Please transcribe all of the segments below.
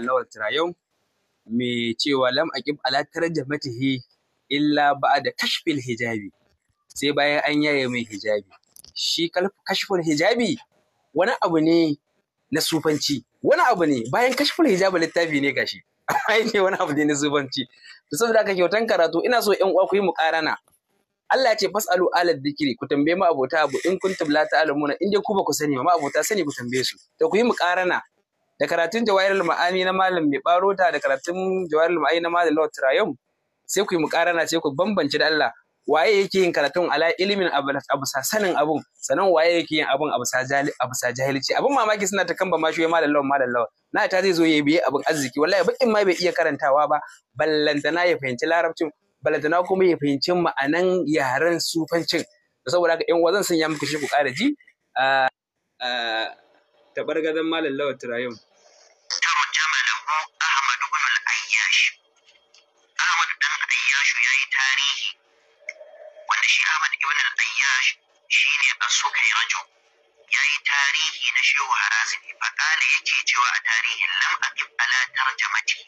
lawal tirayau mai cewa lam aqib ala tarjamatihi illa ba'da kashfil hijabi sai bayan an yaye mai hijabi shi kashful hijabi wani abu ne na sufanci wani abu ne bayan kashful hijabi littafi ne gashi amma ne wani abu ne na sufanci to saboda haka kyautan karatu ina so in uwa ku yi muƙarana Allah ce fasalu alad dikiri ku tambaye ma abota abu in kuntum la ta'lamuna in dai ku ba ku sani ma abota sani ku tambaye su to ku yi muƙarana da karatun jawairul ma'ani na malam mai barota da karatun jawairul ma'ani na malam lord trayum sai ku yi mukarana sai ku bambance da Allah waye yake yin karatun ala ilimin abu sanin abun sanan waye yake yin abun abu sa jahilci abun mamaki suna ta kamba mashi malam lord malam lord na ta zai zo ya biye abun arziki wallahi bakin ma bai iya karantawa ba ballantana ya fahimci larabcin ballantana kuma ya fahimci ma'anan yaren sufancin saboda haka ɗan wazan sun ya muku shi ku ƙara ji ah, ah, tabargazan malam Lawan turayim tarjama lahu Ahmad ibn al-Ayyash Ahmad dan Ayyash yayi tarihi wanda shi Ahmad ibn al-Ayyash shine as-Sukai rajul yayi tarihi na Shehu Harazimi faqala yake cewa a tarihin lam aqib ala tarjamati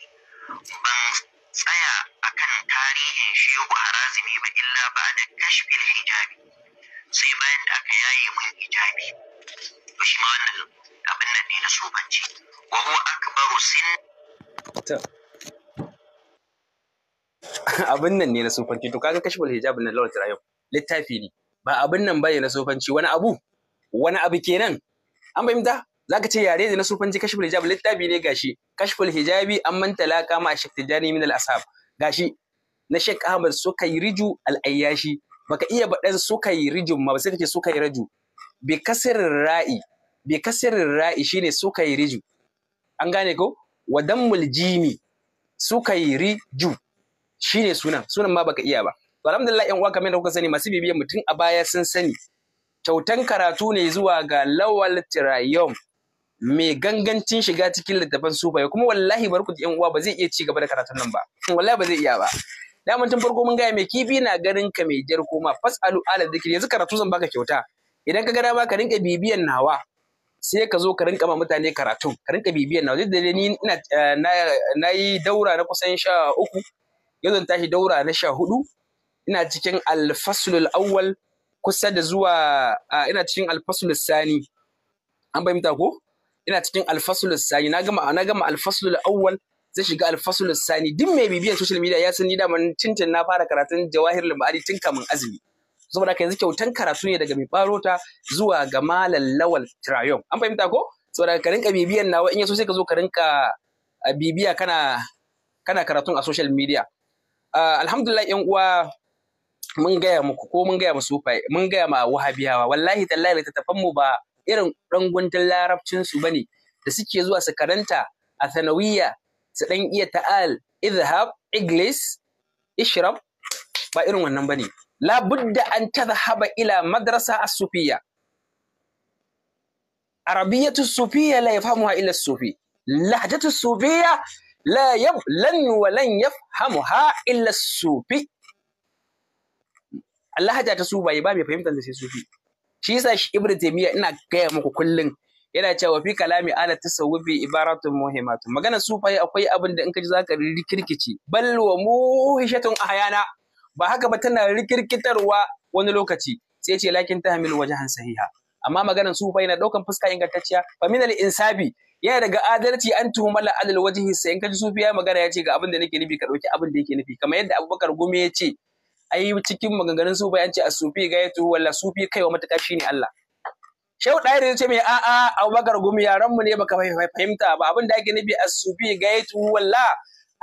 ban tsaya akan tarihin Shehu Harazimi ba illa ba da kashfil hijabi sai bayan da aka yaye mun hijabi abin nan ne na sufanci wa huwa akbaru sin abin nan ne na sufanci to kaga kashful hijab na lawal tarayyum littafi ne ba abin nan bane na sufanci wani abu wani abu kenan an fahimta zaka ce yare ne na sufanci kashful hijab littafi ne gashi kashful hijabi an manta laka ma shek tijani min al ashab gashi na Sheikh ahmad suka yi riju al ayyashi baka iya baɗan suka yi rijin ma ba sai kace suka yi raju bi kasir ra'i bi kasirin ra'i shine su kai riju an gane ko wadan muljimi jimi kai riju shine sunan sunan ma baka iya ba alhamdulillah yan uwa kamar da kuka sani masu bibiyan mutum a baya sun sani kyautan karatu ne zuwa ga lawal tirayom mai gangancin shiga cikin littafan sufaye kuma wallahi barku da yan uwa ba zai iya ci gaba da karatun nan ba wallahi ba zai iya ba daman tun farko mun gaya mai kifi na ganin ka mai jar koma fasalu ala zikiri yanzu karatu zan baka kyauta idan ka ga dama ka rinka bibiyan nawa sai ka zo ka rinka ma mutane karatu ka rinka bibiyan waje da ni ina eh, na yi daura na kusan sha uku yanzu zan tashi daura na sha hudu ina cikin alfasulul awwal kusa da zuwa ina cikin alfasulul sani an bai fahimta ko ina cikin alfasulul sani na gama na gama alfasulul awwal zai shiga alfasulul sani duk mai bibiyan social media ya san ni da man cincin na fara karatun jawahir limari tun kamin azumi saboda haka yanzu kyautan karatu ne daga mai barota zuwa ga malam lawal trayon an fahimta ko saboda ka rinka bibiyan nawa in yaso sai ka zo ka rinka bibiya kana kana karatun a social media alhamdulillah yan uwa mun gaya muku ko mun gaya sufa'i, mun gaya ma wahabiyawa wallahi tallahi littattafan mu ba irin ranguntun larabcin su bane da suke zuwa su karanta a sanawiyya su dan iya ta'al izhab iglis ishrab ba irin wannan bane labudda an tadhhaba ila madrasa as-sufiyya arabiyatu as-sufiyya la yafhamuha illa sufi lahjatu as-sufiyya la yaf lan wa lan yafhamuha sufi ba mai fahimtar da sai sufi shi yasa shi ibnu ina gaya maku kullum. yana cewa fi kalami ala tasawufi ibaratun muhimmatun akwai abinda in ka ji zaka rikirkice bal wa ba haka ba tana rikirkitarwa wani lokaci sai ce lakin tahmil wajhan sahiha amma maganar su bai na daukan fuska ingantacciya fa min insabi yana daga adalci an tuhumala alal wajhi sai in kaji sufiya ya magana ya ce ga abin da nake nufi ka dauki abin da yake nufi kamar yadda Abubakar Gume ya ce ai cikin maganganun sufa an ce a sufi gayatu walla sufi kaiwa mataka shine Allah Shehu Ɗayar ya ce mai a'a Abubakar Gumi yaran mu ne baka fahimta ba abin da ake nufi as-sufi gaitu walla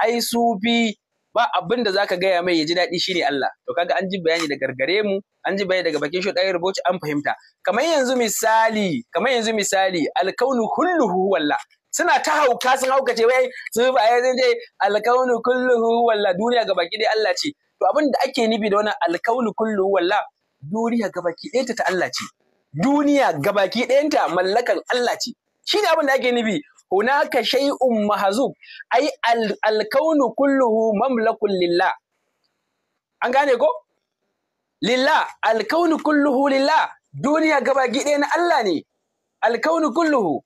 ai sufi ba abin da zaka gaya mai ya ji daɗi ne Allah to kaga an ji bayani daga gargare mu an ji bayani daga bakin shi ɗaya rubuci an fahimta kamar yanzu misali kamar yanzu misali alkaunu kulluhu walla suna ta hauka sun hauka haukace wai su ba ya zai alkaunu kulluhu walla duniya ga baki dai Allah ce to abin da ake nufi da wannan alkaunu kulluhu walla, duniya ga baki ɗayanta ta Allah ce duniya ga baki ɗayanta mallakan Allah ce shi ne abin da ake nufi هناك شيء mahzub ai الكون kulluhu مملك لله an gane ko lillah alkaunu kulluhu lillah duniya gaba gide na Allah ne alkaunu kulluhu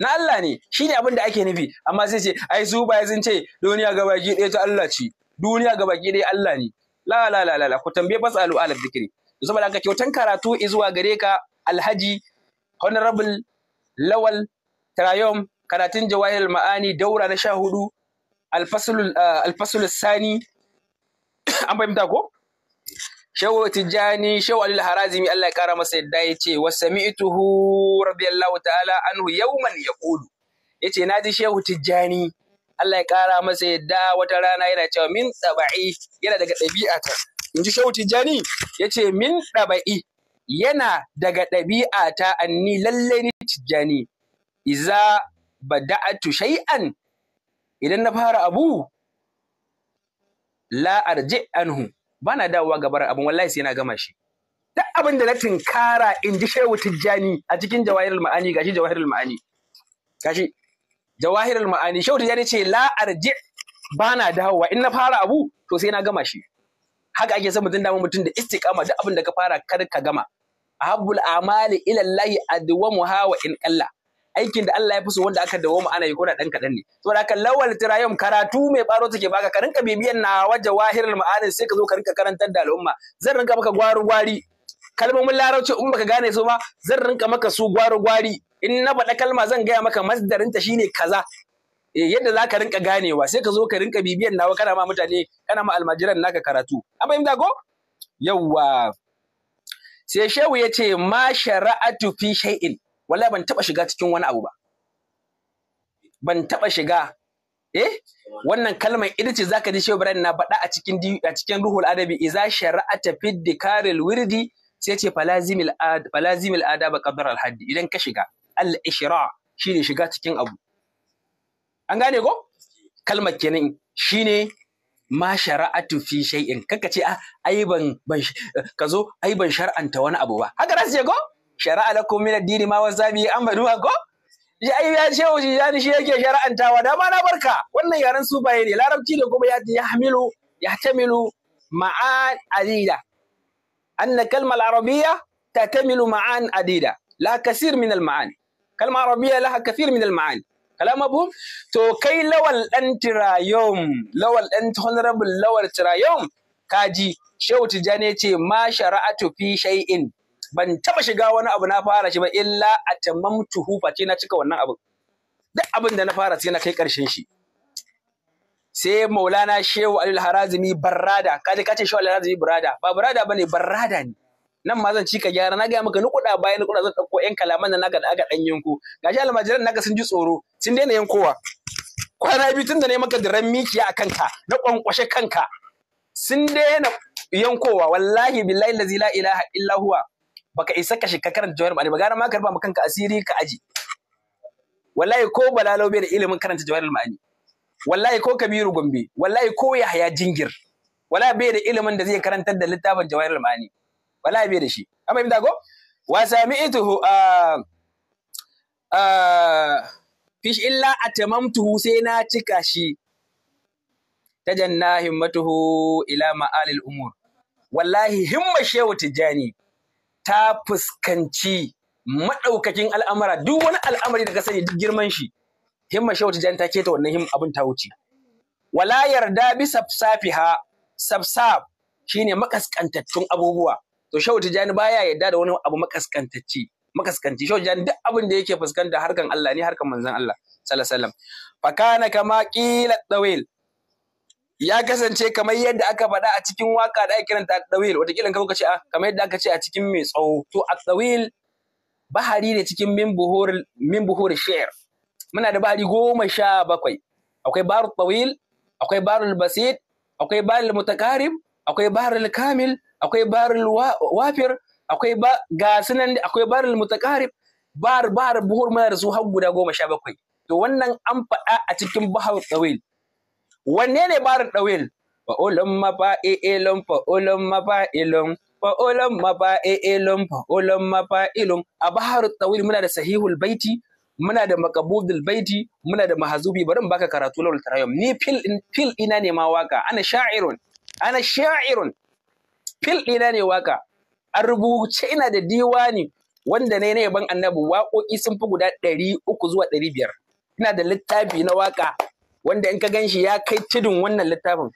na Allah ne shine abin da ake nufi amma sai ce ai su ba sun ce duniya gaba gide ta Allah ce duniya gaba gide Allah ne la la la la ku tambaye fasalu ala zikri saboda ka kyautan karatu zuwa gare ka alhaji honorable lawal Karayom karatun Jawahir Ma'ani daura na sha hudu alfasul eh, sani an fahimta ko? Shehu Tijjani Shehu Alil Harazimi Allah ya kara masa yadda ya ce wa sami'tuhu radiyallahu ta'ala anhu yawman Ya yace na ji Shehu Tijjani Allah ya kara masa yadda wata rana yana cewa min tsaba'i yana daga ɗabi'ata in ji Shehu Tijjani yace min tsaba'i yana daga ɗabi'ata anni lallai ni Tijjani iza bada'atu shay'an idan na fara abu la arji anhu bana dawowa gabar abin wallahi sai na gama shi duk abin da na tinkara in ji shehu tijjani a cikin jawahirul ma'ani gashi jawahirul ma'ani gashi jawahirul ma'ani shehu tijjani ce la arji bana dawowa in na fara abu to sai na gama shi haka ake son mutum dama mutum da istiqama duk abin da ka fara kar ka gama ahabbul amali ila llahi adwamuha wa in qalla aikin da Allah ya fi so wanda aka dawo mu ana yi ko da dan ne saboda haka lawal tirayum karatu mai baro take baka ka rinka bibiyan na waje wahirul ma'anin sai ka zo ka rinka karantar da al'umma zan rinka maka gwari gwari kalmomin larabci in baka gane su ma zan rinka maka su gwari gwari in na faɗa kalma zan gaya maka masdarinta shine kaza eh, yadda za ka rinka ganewa sai ka zo ka rinka bibiyan nawa kana ma mutane kana ma almajiran naka karatu an fahimta ko yawwa sai shehu ya ce ma shara'atu fi shay'in wallahi ban taba shiga cikin wani abu ba ban taba shiga eh wannan kalmar ita ce zaka ji shebran na bada a cikin a cikin ruhul adabi iza shara'ata fi dikaril wirdi sai ce falazimil ad falazimil adaba qadar al hadd idan ka shiga al ishra shine shiga cikin abu an gane ko kalmar kenan shine ma shara'atu fi shay'in kaka ce ah ai ban ban ka zo ai ban shar'anta wani abu ba haka za su je ko Shari'a da min ad-dini ma wasabi an baduwa ko ya ai ya ce wuce ya shi yake shari'antawa? da ma na barka wannan yaren su baye ne larabci ne kuma ya ya hamilu ya tamilu ma'an adida anna kalma al ta tatamilu ma'an adida la kasir min al-ma'ani kalma arabiyya laha kathir min al-ma'ani kalam mabhum to kai lawal dan tirayom lawal dan honorable lawal tirayom kaji shehu tijani ce ma shara'atu fi shay'in ban taba shiga wani abu na fara shi ba illa a tamamtuhu face na cika wannan abu duk abin da na fara sai na kai karshen shi sai maulana shehu alil harazimi barrada kaje kace shehu alil harazimi barrada ba barrada bane barrada ne nan ma zan ci ka gyara na gaya maka nukuda bayan nukuda zan ɗauko ƴan kalaman da naga da dan ɗan yanko gashi almajiran naga sun ji tsoro sun daina yankowa kwana biyu tun da ne maka diran mikiya a kanka na kwankwashe kanka sun daina yankowa wallahi billahi lazi la ilaha illa huwa baka isa ka shiga karanta jawahir ma'ani ba gara ma karba maka kanka asiri ka aji wallahi ko balalo bai da ilimin karanta jawahir ma'ani wallahi ko kabiru gombe wallahi ko yahaya jingir wallahi bai da ilimin da zai karantar da littafin jawahir ma'ani wallahi bai da shi amma fahimta go wa sami'tuhu ah, ah, fish illa atamamtuhu sai na cika shi tajanna himmatuhu ila ma'alil umur wallahi himma shehu tijjani ta fuskanci maɗaukakin al'amara duk wani al'amari da ka sani duk girman shi himma shehu tijani ta keta wannan him abin ta wuce wala yarda bi safsafiha safsaf shine makaskantattun abubuwa to shehu Jani baya yarda da wani abu makaskantacce makaskanci shehu Jani duk abin da yake fuskanta harkan Allah ne harkan manzon Allah sallallahu alaihi wasallam fakana kama qila dawil ya kasance kamar yadda aka faɗa a cikin waka da ake kiranta at-tawil wataƙila ka ce a ah, kamar yadda aka ce a cikin mai tsawo to a tawil bahari ne cikin min buhur min muna da bahari goma sha bakwai akwai bahar tawil akwai bahar basit akwai bahar mutakarib akwai bahar kamil akwai bahar wafir akwai ba ga sunan akwai bahar mutakarib bar bar buhur muna da su har guda goma sha bakwai to wannan an faɗa a cikin bahar tawil wanne ne barin ɗawil fa'ulun mafa'ilun fa'ulun mafa'ilun fa'ulun mafa'ilun fa'ulun mafa'ilun a bahar ɗawil muna da sahihul baiti muna da makabudul baiti muna da mahazubi bari in baka karatu lawal tarayum ni fil fil ina ne ma waka ana sha'irun ana sha'irun fil ina ne waka a rubuce ina da diwani wanda ne na yaban annabi waƙoƙi sun fi guda ɗari uku zuwa ɗari biyar ina da littafi na waka wanda in ka gan shi ya kai tudun wannan littafin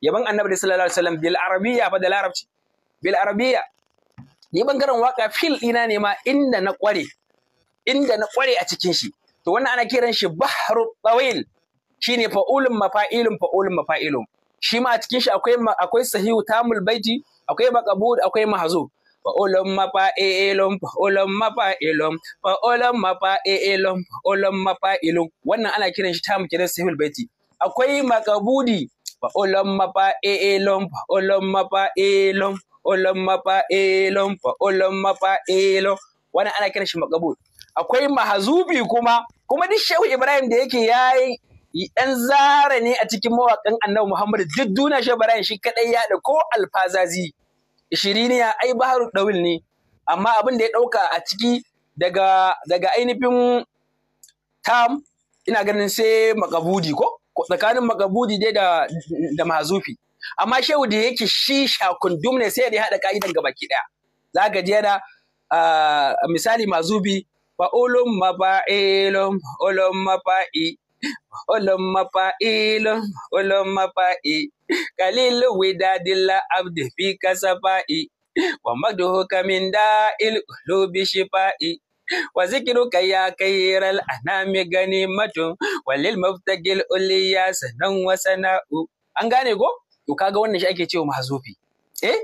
yaban annabi sallallahu alaihi wasallam bil arabiyya fa da larabci bil arabiyya ni bangaren waka fil ina ne ma inda na kware inda na kware a cikin shi to wannan ana kiran shi bahru tawil shine fa'ulun mafa'ilun fa'ulun mafa'ilun shi ma a cikin shi akwai akwai sahihu tamul baiti akwai maqbud akwai mahzub olom mapa e elom pa olom mapa elom Wannan ana kiran shi tamu kiran sahihul baiti. Akwai makabudi pa'ulom mapa'ilom, pa'ulom mapa'ilom, pa'ulom mapa'ilom, pa'ulom elom Wannan ana kiran shi makabudi. Akwai mahazubi kuma, kuma duk Shehu Ibrahim da yake yayi ɗan zara ne a cikin mawaƙan annabi Muhammadu, duk duniya shi Ibrahim shi kaɗai ya da ko alfazazi. Shiriniya ai baharu dawil ne amma abin da ya ɗauka a ciki daga ainihin tam ina ganin sai makabudi ko tsakanin makabudi dai da da mazufi amma shehu da yake shi shakundum ne sai da ya haɗa ka'idan gaba ɗaya za ka ji yana misali mazubi fa'ulum mafa'ilum ulum mafa'i olomapa'il olomapa'i kalil widadila abdi fi kasafa'i wa magduhu kamin da'il qulubi shifa'i wa zikruka ya kayyiral anami ganimatu walil mubtagil uliya sanan wa sana'u an gane ko to kaga wannan shi ake cewa mahzufi eh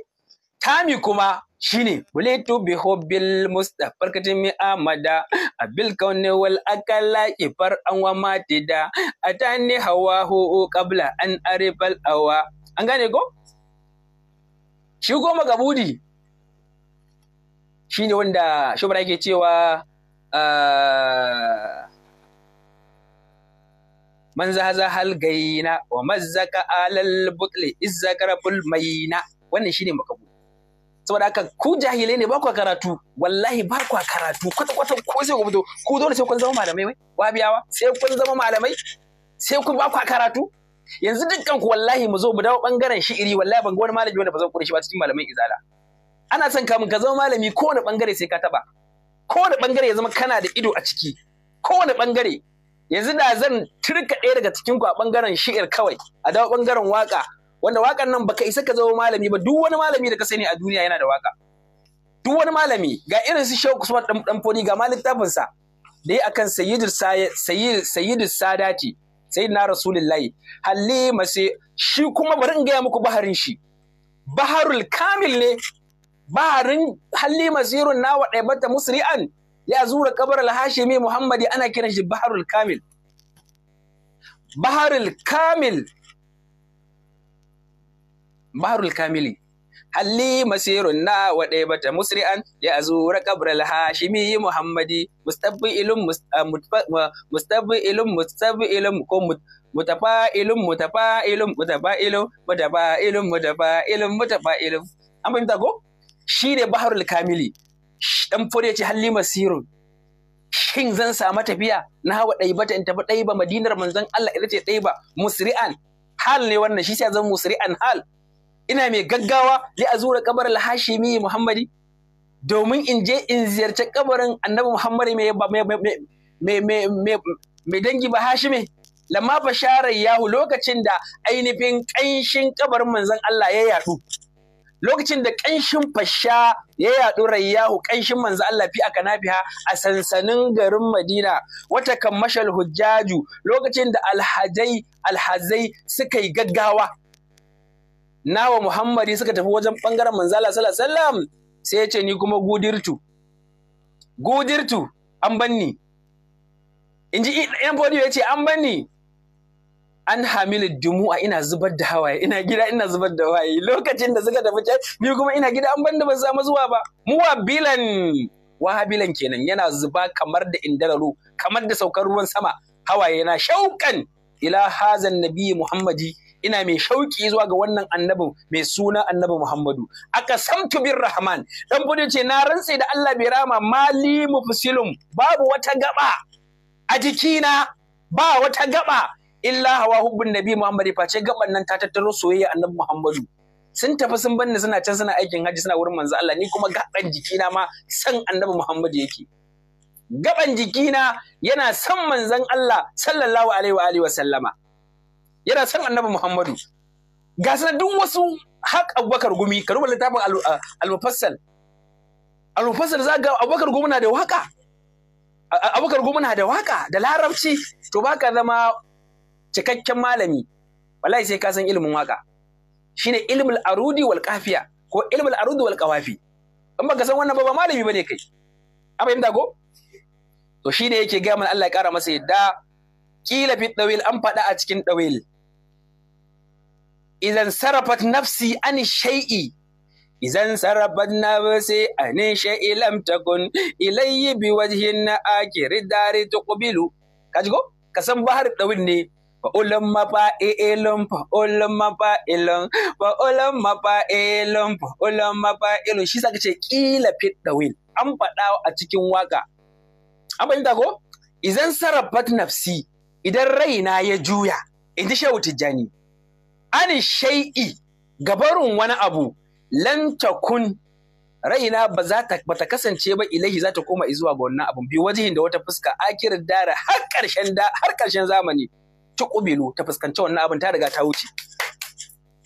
tami kuma shine bulitu bi hubbil musta farkatin mi amada abil kauni wal akala ifar an wa matida atani hawa qabla an arifal awa an gane ko shi goma gabudi shine wanda shubra yake cewa ah, man hal gaina wa mazzaka alal butli izzakara maina, wannan shine makabu saboda haka ku jahilai ne ba ku karatu wallahi ba ku karatu kwata kwata ko sai ku fito ku ne sai kun zama malamai wai wabiyawa sai kun zama malamai sai ku ba ku karatu yanzu dukkan ku wallahi mu zo mu dawo bangaren shi'iri wallahi ban ga wani malami wanda ba zan kure shi ba cikin malamai izala ana son kamun ka zama malami kowane bangare sai ka taba kowane bangare ya zama kana da ido a ciki kowane bangare yanzu da zan turka ɗaya daga cikin ku a bangaren shi'ir kawai a dawo bangaren waka wanda wakan nan baka isa ka zama malami ba duk wani malami da ka sani a duniya yana da waka duk wani malami ga irin su Shehu Usman dan foni ga malittafin sa da yi akan sayyid Sayyidu sadati sayyidina rasulullahi halima sai shi kuma bari in gaya muku baharin shi baharul kamil ne baharin halima sirun na ɗaya bata musri'an ya zura kabar al-hashimi muhammadi ana kiran shi baharul kamil baharul kamil barul kamili halli masirun na waɗe bata musri'an ya azura kabral hashimi muhammadi mustabbi ah, mustabbi ilum ilum mustabbi ilum ko ilum ilum ilum mutafa'ilun ilum mutafa'ilun ilum mutafa'ilun ilum an fahimta ko shi ne baharul kamili dan fure ce halli masirun shin zan samu tafiya na hawa ɗai bata in tafi ɗai ba madinar manzon Allah ita ce ɗai ba musri'an hal ne wannan shi sai zan musri'an hal ina mai gaggawa zai azura kabar al-hashimi muhammadi domin in je in ziyarci kabarin annabi muhammadi mai mai dangi ba hashimi lamma basharar yahu lokacin da ainihin ƙanshin kabarin manzon Allah ya yaɗu lokacin da ƙanshin fasha ya yaɗu rayyahu ƙanshin manzo Allah fi aka nafiha a sansanin garin Madina wata kan hujjaju lokacin da alhajai alhazai suka yi gaggawa nawa muhammadi suka tafi wajen bangaren manzala sallallahu alaihi wasallam sai ya ce ni kuma gudirtu gudirtu an banni in ji yan fodiyo ya ce an banni an hamila a ina zubar da hawaye ina gida ina zubar da hawaye lokacin da suka tafi ni kuma ina gida an banni ban samu zuwa ba Mu wa bilan wahabilan kenan yana zuba kamar da indararo kamar da saukar ruwan sama hawaye na shauƙan ila hazan nabi muhammadi ina mai shauki zuwa ga wannan annabin mai suna annabi Muhammadu aka samtu bin rahman dan bude ce na rantse da Allah bai rama mali mufsilum babu wata gaba a jikina ba wata gaba illa hawa hubbun nabi Muhammadu face gaban nan ta tattaro soyayya annabi Muhammadu sun tafi sun banni suna can suna aikin haji suna wurin manzo Allah ni kuma gaban jikina ma san annabi Muhammadu yake gaban jikina yana san manzon Allah sallallahu alaihi wa alihi wa sallama yana son annabi Muhammadu ga sanar duk wasu haƙ Abubakar Gumi ka rubuta littafin uh, al-mufassal al-mufassal za ga Abubakar Gumi na da waka Abubakar Gumi na da waka da larabci to baka zama cikakken malami wallahi sai ka san ilimin waka shine ilmul arudi wal kafiya ko ilmul arudi wal qawafi in baka san wannan ba ba malami bane kai an fahimta ko to shine yake ga mana Allah ya kara masa yadda kila fi dawil an faɗa a cikin dawil idan sarrafat nafsi an sha'i. izan sarrafat nafsi an sha'i lam takun ilayyi bi wajhin na akiri dari tuqbilu ji ko ka san bahar dawin ne fa'ulan mafa'ilun fa'ulan e e mafa'ilun fa'ulan e mafa'ilun fa'ulan mafa'ilun shi saka ce kila fit dawin an faɗa a cikin waka an fahimta ko idan sarrafat nafsi idan raina ya juya in ji shehu tijjani an shai'i barin wani abu lantakun takun raina ba za ta bata kasance ba ilahi za ta koma zuwa ga wannan abun bi wajihin da wata fuska akir dara har karshen da har karshen zamani ta kubilu ta fuskanci wannan abun ta riga ta wuce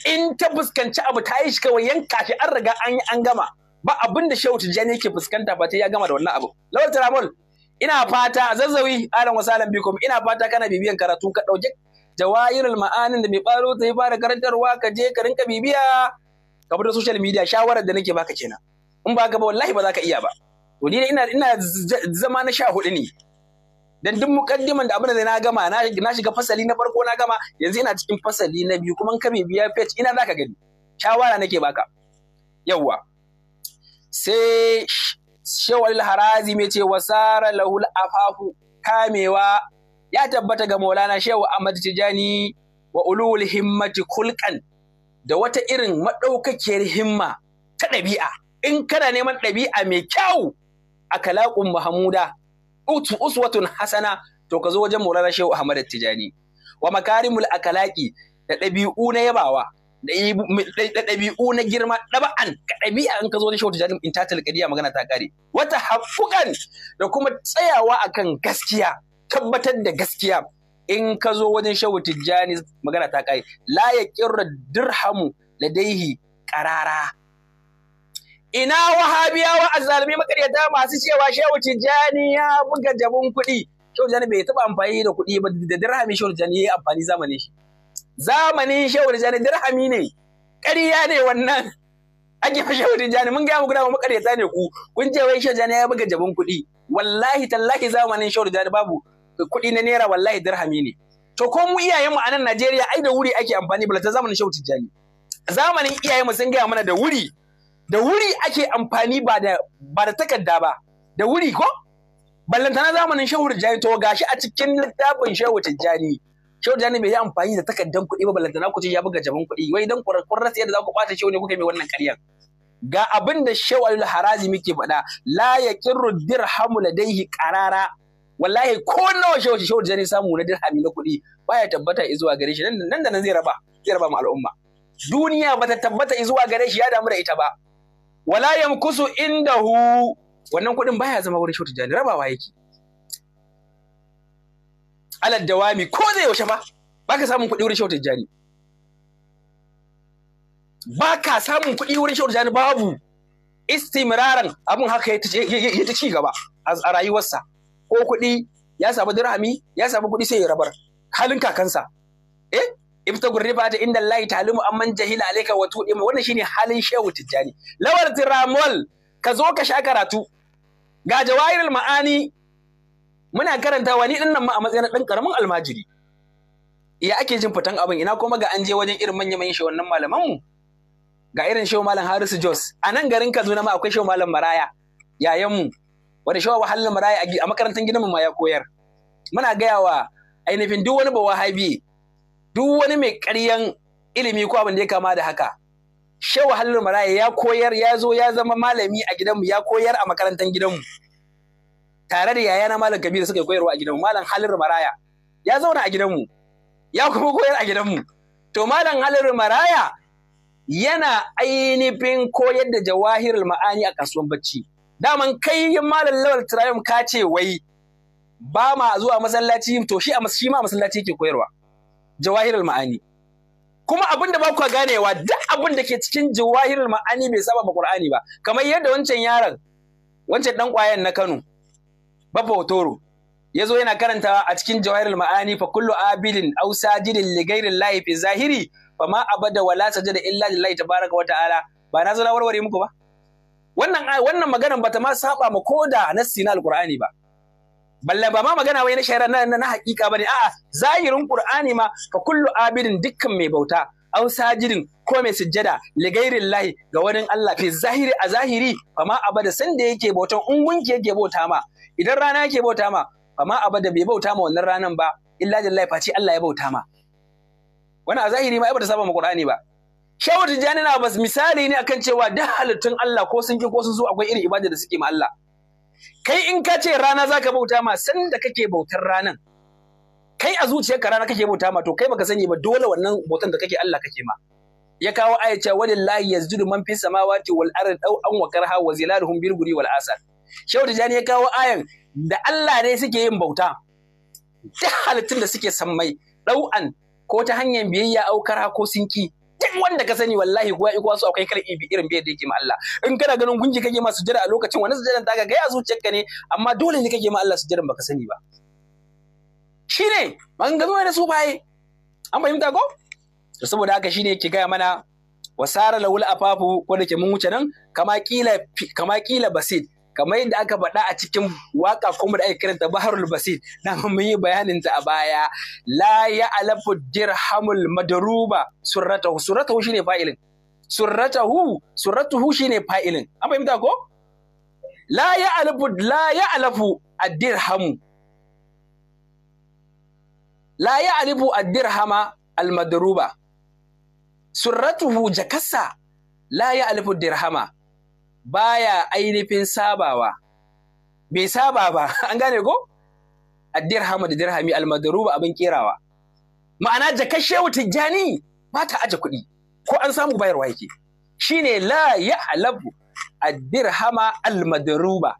in ta fuskanci abu ta yi shi kawai yanka shi an riga an yi an gama ba abin da shehu tijjani yake fuskanta ba ta ya gama da wannan abu lawal tiramol ina fata zazzawi alan wasalam bikum ina fata kana bibiyan karatu ka dauke jawahirul ma'anin da mai baro ta yi fara karantarwa ka je ka rinka bibiya ka fito social media shawarar da nake baka kenan in ba ka ba wallahi ba za ka iya ba to ni ina ina zama na sha hudu ne dan duk mukaddiman da abin da na gama na shiga fasali na farko na gama yanzu ina cikin fasali na biyu kuma in ka bibiya page ina za ka gani shawara nake baka yawwa sai shawalil harazi mai ce wasara lahul afafu kamewa ya tabbata ga Maulana Shehu Ahmad Tijani wa ulul himmati kulkan da wata irin maɗaukakiyar himma ta ɗabi'a in kana neman ɗabi'a mai kyau a kalaƙun Mahamuda utu uswatun hasana to ka zo wajen Maulana Shehu Ahmad Tijani wa makarimul akalaki da ɗabi'u na yabawa da ɗabi'u na girma ɗaba'an ka ɗabi'a in ka zo da shehu tijani in ta talƙadiya magana ta ƙare wata hafukan da kuma tsayawa akan gaskiya tabbatar da gaskiya in ka zo wajen shehu tijjani magana ta kai la ya kirra dirhamu ladaihi qarara ina wahabiyawa azzalumi makaryata masu cewa shehu tijjani ya buga jabun kuɗi shehu tijjani bai taɓa amfani da kuɗi ba da dirhami shehu tijjani ya yi amfani zamanin shi zamanin shehu tijjani dirhami ne ƙarya ne wannan ake fa shehu tijjani mun gaya muku dama makaryata ne ku kun ce wai shehu tijjani ya buga jabun kuɗi wallahi tallahi zamanin shehu tijjani babu kuɗi na naira wallahi dirhami ne to ko mu iyayenmu a nan Najeriya ai da wuri ake amfani ta zamanin Shehu Tijjani zamanin iyayenmu sun gaya mana da wuri da wuri ake amfani ba da ba da takarda ba da wuri ko na zamanin Shehu Tijjani to gashi a cikin littafin Shehu Tijjani Shehu Tijjani bai yi amfani da takardan kuɗi ba ballanta na kuce ya buga jaban kuɗi wai dan kun sai yadda za ku ɓata Shehu ne kuka mai wannan ƙaryar ga abin da Shehu Harazi muke faɗa la yaqirru dirhamu ladaihi qarara wallahi ko nawa shehu shehu jani samu na dirhami na kuɗi baya tabbata zuwa gare shi nan da nan zai raba zai raba mu al'umma duniya bata tabbata zuwa gare shi ya damu da ita ba wala yamkusu indahu wannan kuɗin baya zama wurin shehu jani rabawa yake alal dawami ko zai yaushe ba baka samun kuɗi wurin shehu jani baka samun kuɗi wurin shehu jani babu istimraran abun haka ya ta ci gaba a rayuwarsa ko kuɗi ya samu dirhami ya samu kuɗi sai ya rabar halin kakansa eh ibta riba ta inda Allah talimu amman jahila alayka wa tudima wannan shine halin shehu tijjani lawar tiramol ka zo ka sha karatu ga jawahirul ma'ani muna karanta wani ni nan ma a matsayin dan karamin almajiri ya ake jin fitan abin ina kuma ga an je wajen irin manya manyan shewannan malaman mu ga irin shehu malam Harisu Jos a nan garin Kaduna ma akwai shehu malam Maraya yayan mu wanda shawa wahalar maraya a makarantar gidan ma ya koyar muna gaya wa ainihin duk wani haibi duk wani mai ƙaryan ilimi ko abin da ya kama da haka shawa halin maraya ya koyar ya zo ya zama malami a gidanmu ya koyar a makarantar gidanmu tare da yayana malam kabiru suka koyarwa a gidanmu malam halin maraya ya zauna a gidanmu ya kuma koyar a gidanmu to malam halin maraya yana ainihin koyar da jawahirul ma'ani a kasuwan bacci daman kai malam lawal turayum ka ce wai ba ma zuwa masallaci to shi a shi ma masallaci yake koyarwa jawahirul ma'ani kuma abin da ba ku ganewa duk abin da ke cikin jawahirul ma'ani bai saba ba qur'ani ba kamar yadda wancan yaron wancan dan kwayan na Kano babba Otoro ya zo yana karanta a cikin jawahirul ma'ani fa kullu abidin aw sajidin li ghairi lahi fi zahiri fa ma abada wala sajada illa lillahi tabaraka wa ta'ala ba na zo na warware muku ba wannan wannan maganar bata ma saba ma koda nassi na alqur'ani ba balle ba ma magana wai na shahara na na hakika bane a'a zahirin qur'ani ma Ka kullu abidin dukkan mai bauta aw sajidin ko mai sujjada li lahi ga wani Allah fi zahiri a zahiri fa ma abada sanda yake bautan in gunki yake bauta ma idan rana yake bauta ma fa ma abada bai bauta ma wannan ranan ba illa lillahi face Allah ya bauta ma wannan a zahiri ma ai bata saba ma qur'ani ba Shawar Tijjani na bas misali ne akan cewa duk halittun Allah ko sun ki ko sun so akwai irin ibada da suke ma Allah. Kai in ka ce rana zaka bauta ma san da kake bautar ranan. Kai a zuciyarka rana kake bauta ma to kai baka sani ba dole wannan bautan da kake Allah kake ma. Ya kawo aya cewa walillahi yasjudu man fis samawati wal ardi aw an wa karha wa zilaluhum bil guri wal asar. Shawar Tijjani ya kawo ayan da Allah ne suke yin bauta. Duk halittun da suke sammai ɗau'an ko ta hanyar biyayya aukara ko sinki duk wanda ka sani wallahi kuwa iko su akwai kar ibi irin bai da yake ma Allah in kana ganin gunji kake ma sujjada a lokacin wani sujjadan ta ga gaya zuciyarka ne amma dole ne kake ma Allah ba baka sani ba shine maganganu da su baye an fahimta ko to saboda haka shine yake gaya mana wasara laula afafu ko da ke mun wuce nan kama kila kama kila basid kamar yadda aka faɗa a cikin waka kuma da ake kiranta baharul basit na mun yi bayanin ta a baya la ya alafu dirhamul madruba surratahu surratahu shine fa'ilin surratahu surratuhu shine fa'ilin an fahimta ko la ya alafu la ya alafu ad-dirhamu la ya alifu ad-dirhama al-madruba surratuhu jakassa la ya alifu dirhama baya ainihin sabawa bai saba ba an gane ko addirhamu da dirhami ba abin kerawa ma'ana jakashe shehu tijjani ba ta aje kuɗi ko an samu bayarwa yake shine la ya, ya'labu almadaru ba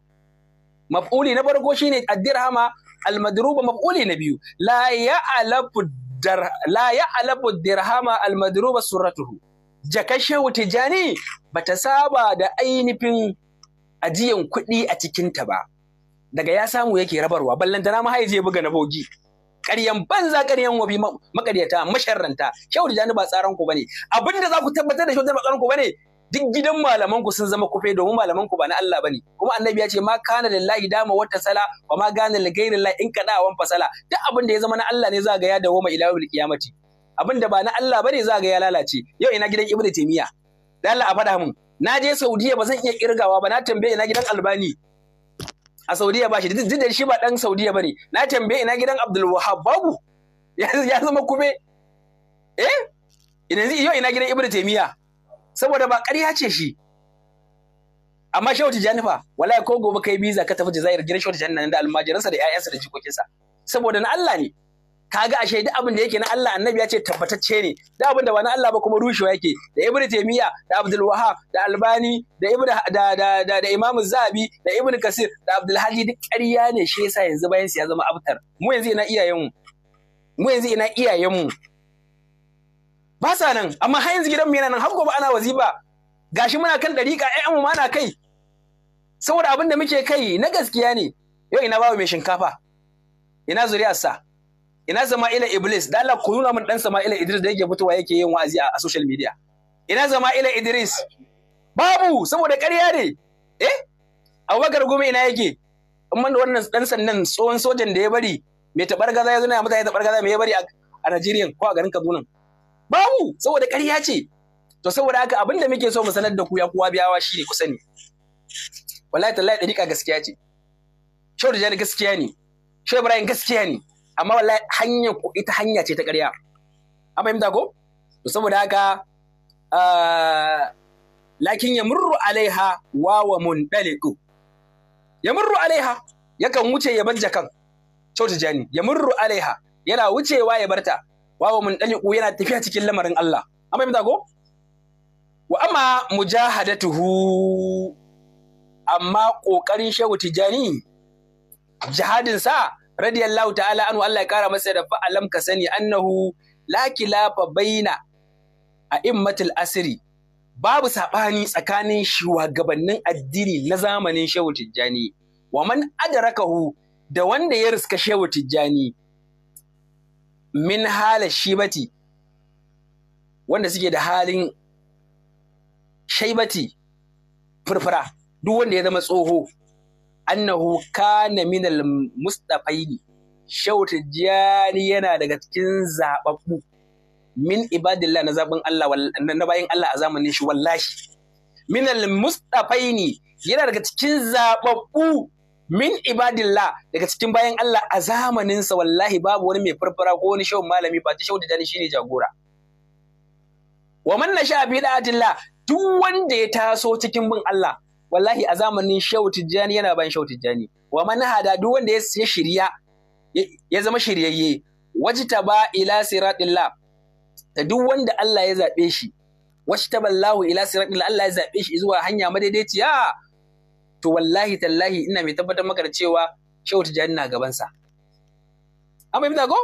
maf'uli na farko shine almadaru ba maf'uli na biyu la ya, la dirhama, almadaru ba suratuhu jakar shehu tijjani bata saba da ainihin ajiyan kuɗi a cikinta ba daga ya samu yake rabarwa ballantana ma ya buga na bogi ƙaryan banza ƙaryan wabi makaryata masharranta shehu tijjani ba tsaron ku bane da za ku tabbatar da shehu ba tsaron ku bane duk gidan malaman ku sun zama kufe domin malaman ku ba na Allah ne. kuma annabi ya ce ma kana lillahi dama wata sala wa ma gana li in kada wan fasala duk abin da ya zama na Allah ne za ga ya dawo ma ila yawmil abin da ba na Allah bane za ga ya lalace yau ina gidan Ibnu Taymiya da Allah a faɗa mun na je Saudiya ba zan iya kirgawa ba na tambaye ina gidan Albani a Saudiya ba shi duk da shi ba dan Saudiya bane na tambaye ina gidan Abdul Wahhab babu ya zama kube eh yanzu yau ina gidan Ibnu Taymiya saboda ba ƙarya ce shi amma Shehu Janifa, fa wallahi ko gobe kai biza ka tafi Jazair gidan Shehu Tijjani nan da almajiransa da ƴaƴansa da jikokinsa saboda na Allah ne kaga ashe duk abin da yake na Allah annabi ya ce tabbatacce ne da abin da ba na Allah ba kuma rushewa yake da Ibn Taymiyyah da abdul Wahhab da albani da Ibn da da da, da zabi da Ibn kasir da abdul hadi duk ƙarya ne shi yasa yanzu bayan ya zama abtar mu yanzu ina iyayenmu mu yanzu ina mu ba sa nan amma har yanzu mu yana nan har gobe ana waziba gashi muna kan dariƙa ƴaƴanmu ma ana kai saboda abin da muke kai na gaskiya ne yau ina bawo mai shinkafa ina zuriyarsa ina ila Iblis da Allah ku nuna min dan ila Idris da yake fitowa yake yin wa'azi a social media ina ila Idris babu saboda ƙarya ne eh Abubakar Gumi ina yake in man wannan dan sannan tsohon sojan da ya bari mai gaza ya zuna mutane gaza mai ya bari a Najeriya ko a garin Kaduna babu saboda ƙarya ce to saboda haka abin da muke so mu sanar da ku ya kuwa biyawa shine ku sani wallahi tallahi dariƙa gaskiya ce Shehu Rijani gaskiya ne Shehu Ibrahim gaskiya ne amma wallahi hanyar ko ita hanya ce ta ƙarya an fahimta ko saboda haka ah, lakin ya murru alaiha wa wa mundaliqu ya murru alaiha yakan wuce ya bar jakan Kyautu jani ya murru alaiha yana wucewa ya barta wa wa mundaliqu yana tafiya cikin lamarin Allah an fahimta ko wa amma mujahadatuhu amma ƙoƙarin shehu tijani sa radiyallahu ta'ala anhu Allah ya kara masa da fa'alam ka sani annahu la kilafa baina a immatul asiri babu saɓani tsakanin shugabannin addini na zamanin shehu tijjani wa man adrakahu da wanda ya riska shehu tijjani min hala shibati wanda suke da halin shaibati furfura duk wanda ya zama tsoho annahu kana minal mustafaini Shauta Jani yana daga cikin zababbu min ibadillah na zabin Allah na bayin Allah a zamanin shi wallahi minal mustafaini yana daga cikin zababbu min ibadillah daga cikin bayan Allah a zamanin sa, wallahi babu wani mai farfara ko wani shawun malami ba ta shawun tijjani shine jagora wa man nasha bi da'atillah duk wanda ya taso cikin bin Allah wallahi a zamanin shehu tijjani yana bayan shehu tijjani wa man hada duk wanda ya shirya ya zama shiryayye ba ila siratillah da duk wanda Allah ya zabe shi ballahu ila siratillah Allah ya zabe shi zuwa hanya madaidaiciya to wallahi tallahi ina mai tabbatar maka da cewa shehu tijjani na gaban sa an fahimta ko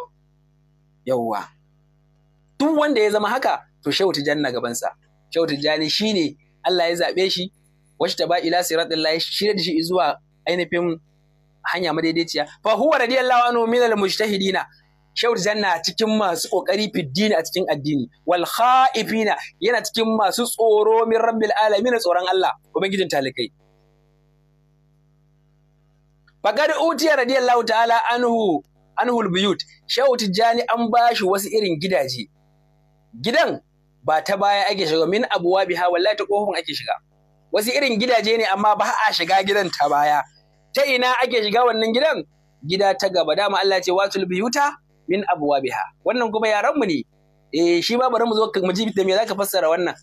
yawwa duk wanda ya zama haka to shehu tijjani na gaban sa shehu tijjani shine Allah ya zabe shi wacce ta ba ila siratin lahi shirya da shi zuwa ainihin hanya madaidaiciya fa huwa radiyallahu anhu min al mujtahidina shawr janna cikin masu kokari fiddini a cikin addini wal khaifina yana cikin masu tsoro min rabbil alamin tsoron Allah ubangijin talikai faqad utiya radiyallahu ta'ala anhu al buyut shawt jani an bashi wasu irin gidaje gidan ba ta baya ake shiga min abuwa biha wallahi ta kofin ake shiga wasu irin gidaje ne amma ba a shiga gidan ta baya ta ina ake shiga wannan gidan gida ta gaba dama Allah ce watul biyuta min abwabiha wannan kuma yaran mu ne eh shi ba bari mu zo mu ji da me zaka fassara wannan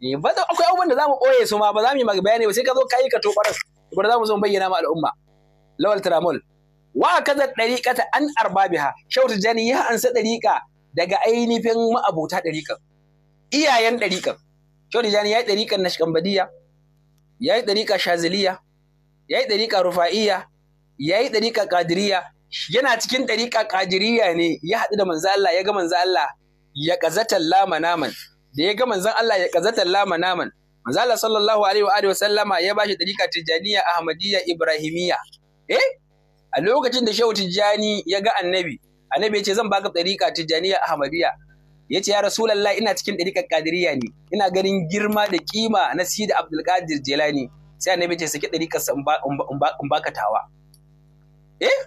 eh ba akwai abubuwan da zamu koye su ma ba za mu yi maka bayani ba sai ka zo kai ka to kwarar kuma za mu zo bayyana ma al'umma lawal tramol wa kaza dariqata an arbabiha shautu jani ya ansa dariqa daga ainihin ma'abuta dariqan iyayen dariqan shautu jani ya na dariqan ya yi ɗariƙa shaziliya ya yi ɗariƙa rufa'iya ya yi ɗariƙa ƙadiriya yana cikin ɗariƙa ƙadiriya ne ya haɗu da manzo Allah ya ga manzo Allah ya ƙazatar lama naman da ya ga manzon Allah ya ƙazatar lama naman manzo Allah sallallahu alaihi wa sallama ya ba shi ɗariƙa Tijjaniya Ahmadiyya Ibrahimiyya eh a lokacin da Shehu Tijjani ya ga Annabi Annabi ya ce zan baka ɗariƙa Tijjaniya Ahmadiyya ya ce ya rasulallah ina cikin ɗariƙar ƙadiriya ne ina ganin girma da kima na sida abdulkadir jelani sai annabi ce saki ɗariƙarsa in ka tawa eh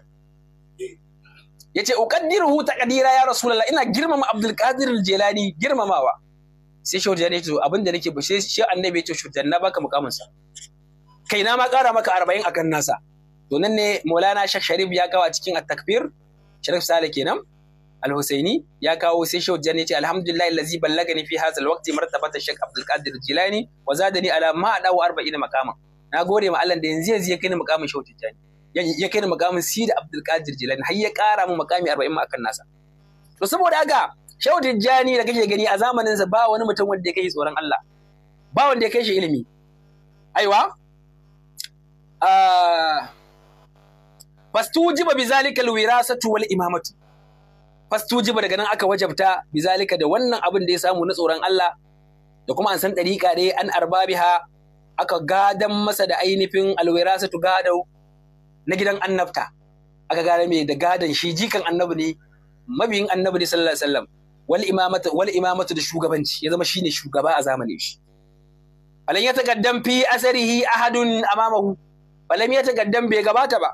ya ce uƙaddiruhu ta ƙadira ya rasulallah ina girmama abdulkadir jelani girmamawa sai shi wajen ya ce abin da nake bashe shi annabi ya ce shehu na baka mukaminsa kai na ma ƙara maka arba'in akan nasa to nan ne maulana shek sharif ya kawo cikin at-takfir sharif sale kenan al-Husaini ya kawo sai Shehu Tijjani ce alhamdulillahi allazi ballagani fi hadzal waqti martabata Sheikh Abdul Qadir Jilani wa zadani ala ma adawu arba'in maqaman na gode ma Allah da yanzu yanzu ya kai ni maqamin Shehu Tijjani ya kai ni maqamin Sidi Abdul Qadir Jilani har ya kara mu maqami 40 ma akan nasa to saboda haka Shehu Tijjani da kake gani a zamanin sa ba wani mutum wanda ya kai tsoron Allah ba wanda ya kai shi ilimi aiwa ah, fastujiba bi zalika alwirasatu wal imamatu fastujiba daga nan aka wajabta bizalika da wannan abin da ya samu na tsoron Allah da kuma an san ɗariƙa dai an arbabiha aka gadan masa da ainihin alwirasatu gadau na gidan annabta aka gane mai da gadan shi jikan annabi ne mabiyin annabi ne sallallahu alaihi wasallam wal imamatu wal imamatu da shugabanci ya zama shine shugaba a zamanin shi falan ya taqaddam fi asarihi ahadun amamahu falan ya taqaddam bai gabata ba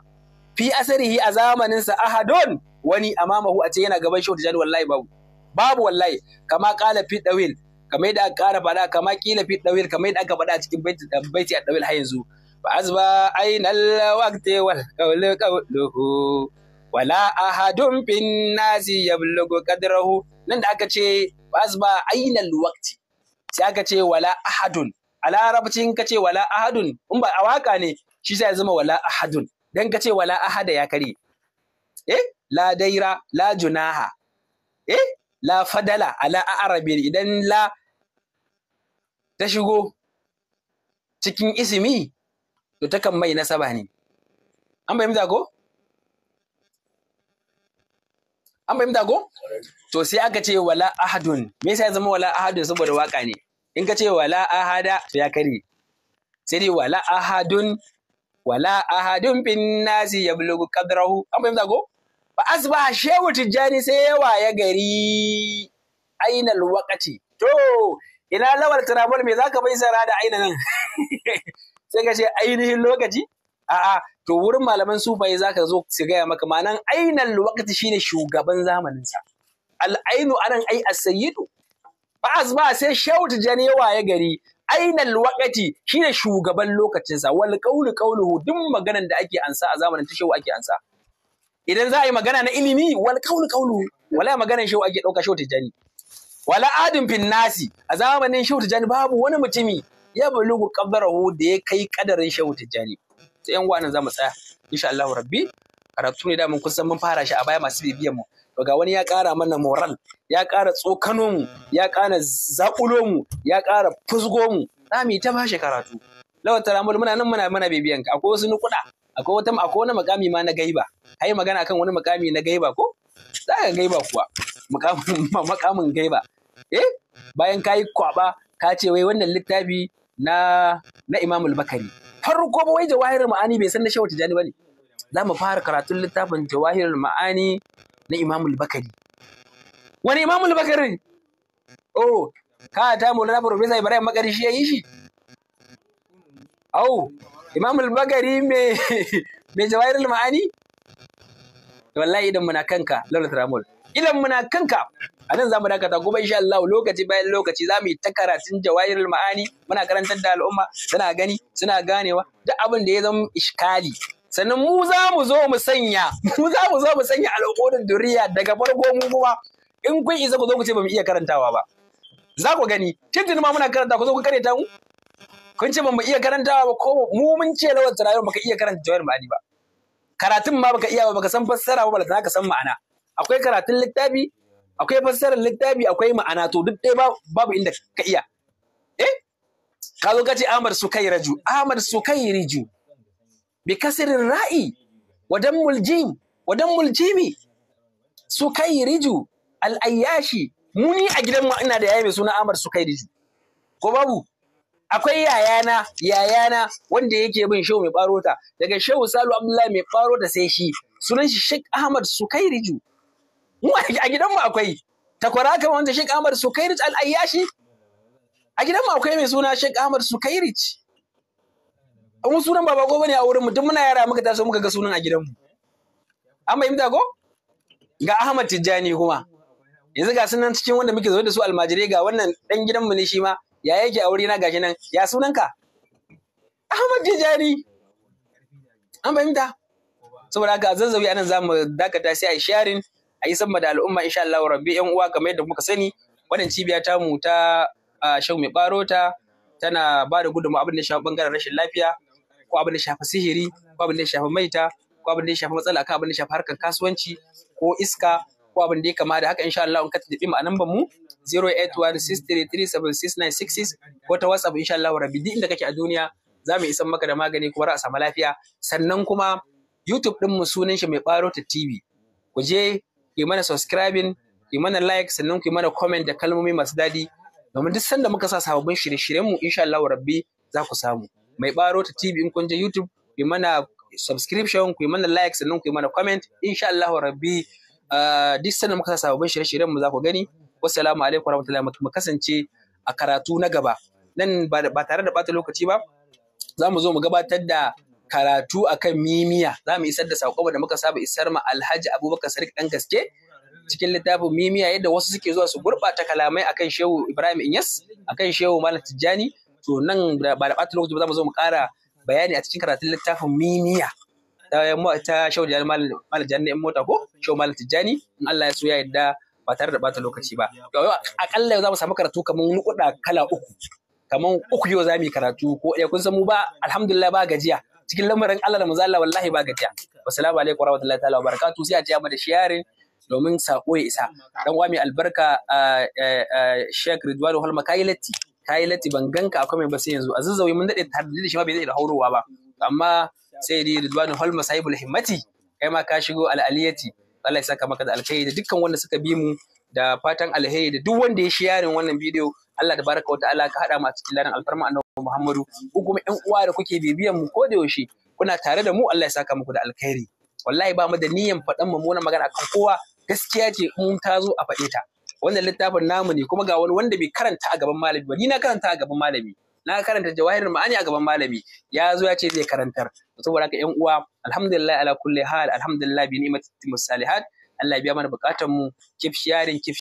fi asarihi a zamanin sa ahadun wani amamahu a ce yana gaban shehu tijani wallahi babu babu wallahi kama kala fi dawil kamar yadda aka kara faɗa kama kila fi dawil kamar yadda aka faɗa a cikin baiti a dawil har yanzu fa azba ainal waqti wal qawl qawluhu wala ahadun bin nasi yablugu qadrahu nan da aka ce fa azba ainal waqti sai aka ce wala ahadun a larabci in ka ce wala ahadun in ba a waka ne shi sai ya zama wala ahadun dan ka ce wala ahada ya kare eh la daira la junaha eh la fadala ala arabi idan la ta shigo cikin isimi to takan mai nasaba ne an bai ko an fahimta ko to sai aka ce wala ahadun me yasa ya zama wala ahadun saboda waka ne in ka ce wala ahada to ya kare sai dai wala ahadun wala ahadun bin nasi yablugu qadrahu an fahimta ko fa asbaha shehu tijjani sai ya waye gari ainal wakati. to ina lawal tarabul me zaka bai sara da aina nan sai ka ce ainihin lokaci a'a to wurin malaman sufaye zaka zo su gaya maka ma'anan ainal waqti shine shugaban zamaninsa al'ainu anan ai asayidu ba fa asba sai shehu tijjani ya waye gari ainal waqati shine shugaban lokacinsa wal qawlu qawluhu duk maganan da ake ansa a zamanin ta shehu ake ansa idan za a yi magana na ilimi wal kaulu kaulu wala maganan shi ake dauka shehu jani wala adin fin nasi a zamanin shehu jani babu wani mutumi ya bulugu qaddarahu da ya kai kadarin shehu jani sai yan wani zamu tsaya insha Allah rabbi karatu ne da mun kusan mun fara shi a baya masu bibiyan mu to ga wani ya kara mana moral ya kara tsokano mu ya kara zakulo mu ya kara fusgo mu za mu yi ta karatu lawan talamul muna nan muna mana bibiyan ka akwai wasu nukuda akwai wata akwai wani makami ma na gaiba ai magana kan wani makami na gaiba ko za ka gaiba kuwa makamin gaiba eh bayan kayi kwaba ka ce wai wannan littafi na na Imamul Bakari farko ba wai jawahirul ma'ani bai san na shehu tijani bane za mu fara karatun littafin jawahirul ma'ani na Imamul Bakari wani Imamul Bakari oh ka ta mu na Professor Ibrahim Makari shi yayi shi au Imam al-Bagari me me Ma'ani wallahi idan muna kanka Lawrence Ramol idan muna kanka a nan za mu dakata kuma insha Allah lokaci bayan lokaci za mu yi ta karatun Jawahirul Ma'ani muna karantar da al'umma suna gani suna ganewa duk abin da ya zama iskali sannan mu za mu zo mu sanya mu za mu zo mu sanya al'ƙodin duriya daga farko mu kuma in kun isa ku zo ku ce ba mu iya karantawa ba za ku gani tuntun ma muna karanta ku zo ku karanta mu kun ce bamu iya karantawa ba ko mu mun ce lawal tarayyar baka iya karanta jawar ma'ani ba karatun ma baka iya ba baka san fassara ba balantana ka san ma'ana akwai karatun littafi akwai fassarar littafi akwai ma'ana to duk ɗaya babu inda ka iya eh ka zo ka ce amar su kai riju bi kasirin ra'i wadan muljim wadan muljimi riju. al-ayyashi muni a gidan ma ina da yayi mai suna kai riju. ko babu akwai yayana yayana wanda yake bin shehu mai barota daga shehu salu abdullahi mai barota sai shi sunan shi sheikh ahmad sukairiju mu a gidan mu akwai takwara kamar wanda sheikh ahmad sukairij al-ayyashi a gidan mu akwai mai suna sheikh ahmad sukairij mu sunan baba ko bane a wurin mu duk muna yara muka taso muka ga sunan a gidan mu an fahimta ko ga ahmad tijjani kuma yanzu ga sunan cikin wanda muke zo da su almajirai ga wannan dan gidan mu ne shi ma ya yake a wurina gashi nan ya sunanka Ahmad jijari an fahimta saboda haka zazzabi anan zamu dakata sai a sharing a yi sama da al'umma insha Allah rabbi yan uwa kamar yadda muka sani wannan cibiya ta mu ta shau Mai Barota tana ba da gudunmu abin da ya shafi bangaren rashin lafiya ko abin da ya shafi sihiri ko abin da ya shafi maita ko abin da ya shafi matsala akan abin da ya shafi harkar kasuwanci ko iska ko abin da ya kama da haka insha Allah in ka tafi mu a nan mu 08163376966 ko ta WhatsApp insha Allah rabbi din da kake a duniya za mu isan maka da magani kuma za a samu lafiya sannan kuma YouTube din mu sunan shi mai baro ta TV ku je ku mana subscribing ku mana like sannan ku mana comment da kalmomi masu dadi domin duk sanda muka sa sababbin shirye-shiryen mu insha Allah rabbi za ku samu mai baro ta TV in kun je YouTube ku mana subscription ku mana like sannan ku mana comment insha Allah rabbi ah, duk sanda muka sa sababbin shirye-shiryen mu za ku gani wassalamu alaikum warahmatullahi mu kasance a karatu na gaba nan ba tare da bata lokaci ba za mu zo mu gabatar da karatu akan mimiya za mu isar da saƙo da muka saba isar ma alhaji abubakar sarik dan gaske cikin littafin mimiya yadda wasu suke zuwa su gurɓata kalamai akan shehu ibrahim inyas akan shehu malam tijjani to nan ba da ɓata lokaci ba za mu zo mu ƙara bayani a cikin karatun littafin mimiya ta shehu malam janna yan mota ko shehu malam tijjani in allah ya so ya yarda ba tare da bata lokaci ba akalla yau za mu samu karatu kamar nukuɗa kala uku kamar uku yau za mu yi karatu ko ɗaya kun san mu ba alhamdulillah ba gajiya cikin lamarin Allah da muzalla wallahi ba gajiya wassalamu alaikum warahmatullahi ta'ala wabarakatuh sai a ji mu da shiyarin domin sako ya isa dan uwa mai albarka Sheikh Ridwan latti. Kayi latti ban ganka akwai mai ba sai yanzu a zazzawi mun dade tare da shi ba bai da haurowa ba amma sai dai Ridwan Hol Masahibul Himmati kai ma ka shigo al'aliyati Allah ya saka maka da alkhairi da dukkan wanda suka bi mu da fatan alheri da duk wanda ya sharing wannan bidiyo Allah da baraka wa ta'ala ka hada mu a cikin ladan alfarma annabi Muhammadu ko kuma ƴan uwa da kuke bibiyan mu ko da yaushe kuna tare da mu Allah ya saka muku da alkhairi wallahi ba mu da niyyar faɗan mummunan magana akan kowa gaskiya ce mun ta zo a faɗe ta wannan littafin namu ne kuma ga wani wanda bai karanta a gaban malami ba ni na karanta a gaban malami na karanta jawahirul ma'ani a gaban malami ya zo ya ce zai karantar saboda haka yan uwa alhamdulillah ala kulli hal alhamdulillah bi ni'matil salihat Allah ya biya mana bukatun mu keep sharing kif